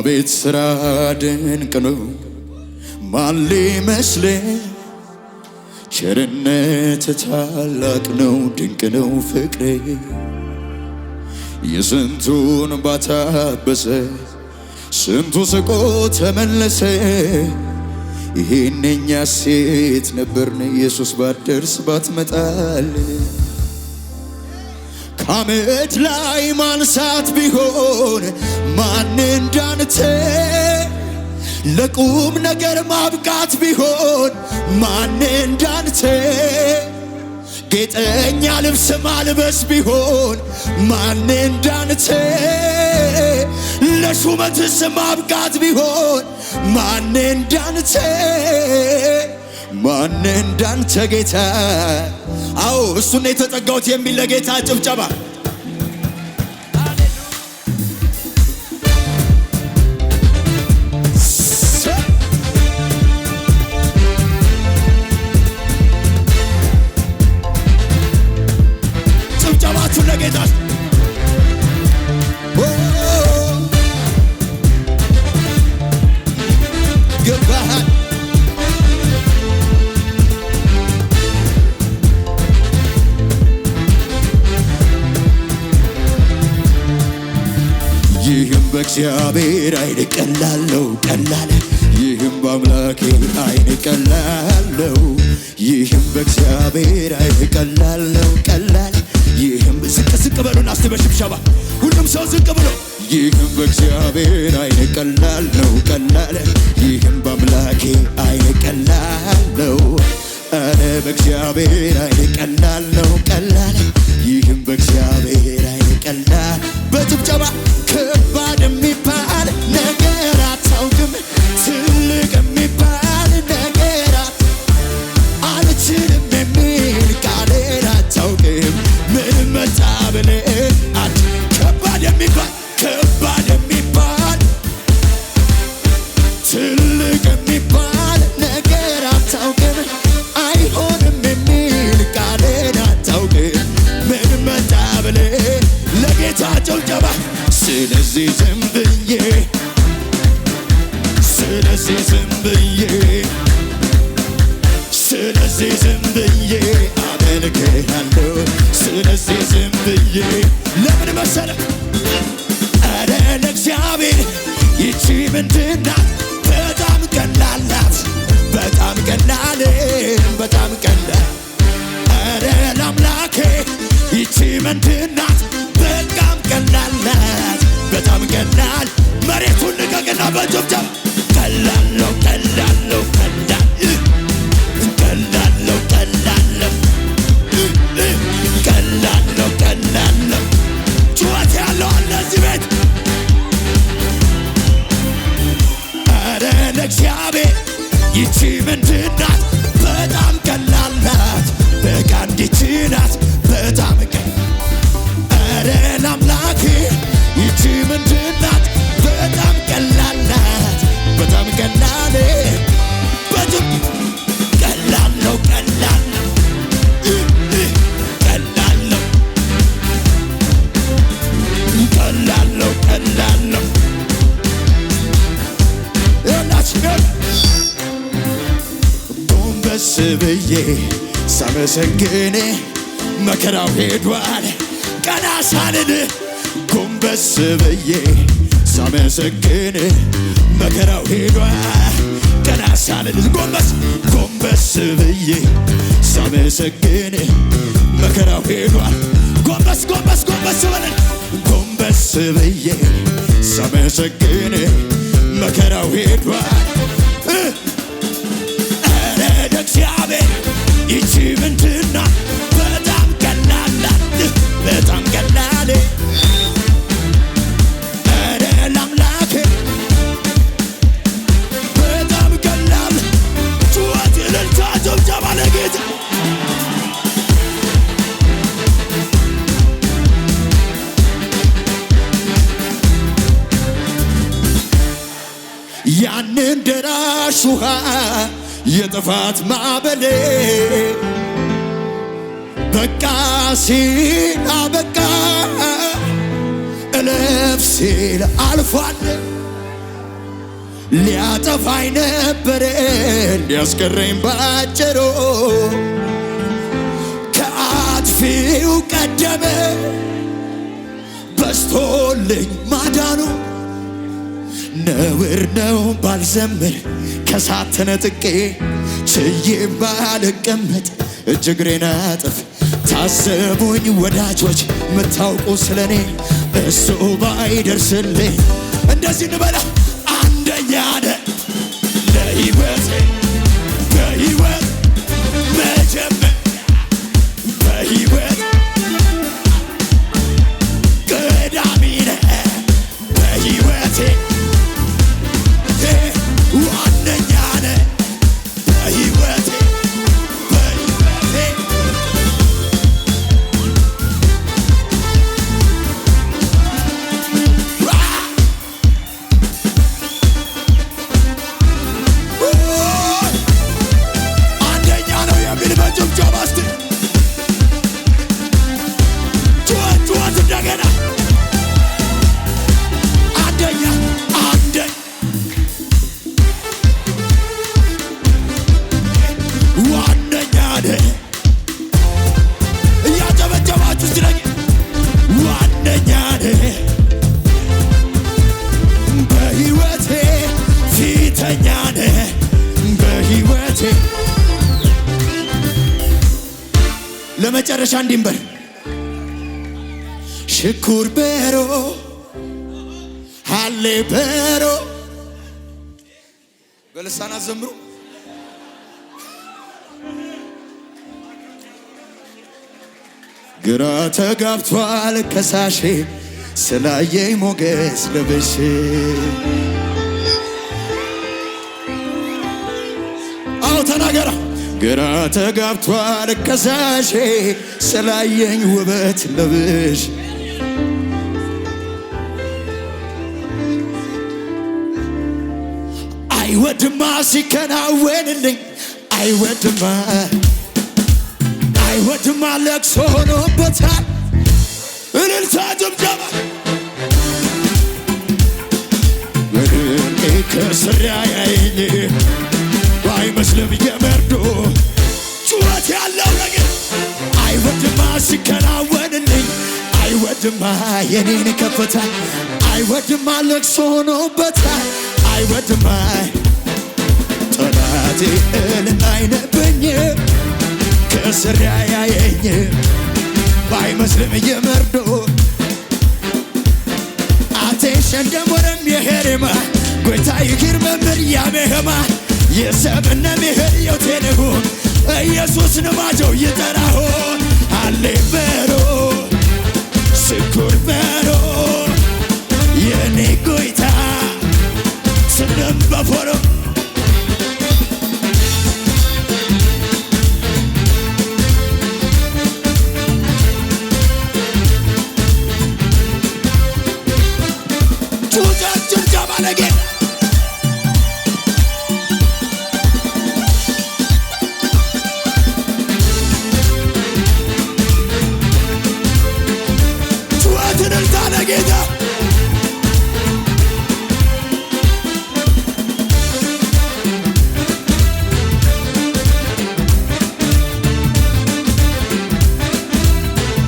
አቤት ስራ ድንቅ ነው፣ ማን ሊመስለን? ቸርነት ታላቅ ነው፣ ድንቅ ነው ፍቅሬ። የስንቱን ባታበሰ ስንቱ ስቆ ተመለሰ። ይሄነኛ ሴት ነበርን ኢየሱስ ባደርስ ባትመጣል አመድ ላይ ማንሳት ቢሆን ማን እንዳንተ ለቁም ነገር ማብቃት ቢሆን ማን እንዳንተ ጌጠኛ ልብስ ማልበስ ቢሆን ማን እንዳንተ ለሹመትስ ማብቃት ቢሆን ማን እንዳንተ ማን እንዳንተ ጌታ? አዎ እሱን የተጠጋሁት የሚል ለጌታ ጭብጨባ ጭብጨባችሁ ለጌታ በእግዚአብሔር አይን ቀላለው ቀላል ይህም በአምላኬ አይን ቀላለው ይህም በእግዚአብሔር አይን ቀላለው ቀላል ይህም ዝቅ ዝቅ በሉና እስቲ በሽብሸባ ሁሉም ሰው ዝቅ ብሎ ይህም በእግዚአብሔር አይን ቀላለው ቀላል ይህም በአምላኬ አይን ቀላለው አረ በእግዚአብሔር አይን ቀላለው ቀላል ይህም በእግዚአብሔር አይን ቀላል በጭብጨባ ስለዚህ ዝም ብዬ ስለዚህ ዝም ብዬ አመልክሃለሁ ስለዚህ ዝም ብዬ ለምን መሰለ አረ ለእግዚአብሔር ይቺ ምንድናት ሳመሰግን መከራው ሄዷል ቀና ሳልን ጎንበስ ብዬ ሳመሰግን መከራው ሄዷል ቀና ሳልን ጎንበስ ጎንበስ ብዬ ሳመሰግን መከራው ሄዷል ጎንበስ ጎንበስ ጎንበስ በልን ጎንበስ ብዬ ሳመሰግን መከራው ሄዷል ያንን ደራሽ ውሃ የጥፋት ማበሌ በቃ ሲል አበቃ እለፍ ሲል አልፏል። ሊያጠፋኝ ነበረ እንዲያስቀረኝ ባጭሩ ከአጥፊው ቀደመ በስቶልኝ ማዳኑ ነውር ነው ባልዘምር ከሳት ተነጥቄ ችዬማ አልቀመጥ እጅግሬን አጥፍ ታሰቡኝ ወዳጆች ምታውቁ ስለኔ እሱ ባይደርስልኝ እንደዚህ እንበላ አንደኛ ነ መጨረሻ እንዲንበር ሽኩር በሮ ሃሌ በሮ በልሳን ዘምሩ። ግራ ተጋብቷል ከሳሼ ስላየኝ ሞገስ ለብሼ አው ተናገራ ግራ ተጋብቷል ከሳሼ ስላየኝ ውበት ለብሽ አይወድማ ሲከናወንልኝ አይወድማ አይወድማ ለቅሶ ሆኖበታል እልልታ ጭብጨባ ምንም ከስራ ያይኝ ባይመስልም አይወድማ የኔን ከፍታ አይወድማ ለቅሶ ሆኖበታል አይወድማ ጠላቴ እልል አይነበኝ ከስር ያያየኝ ባይመስልም የመርዶ አቴንሽን ደሞረም የሄሬማ ጎይታ ይግር መምህር ያሜህማ የሰብነ ምህር የውቴንሁ ኢየሱስ ንማጀው ይጠራሆን አሌበ again.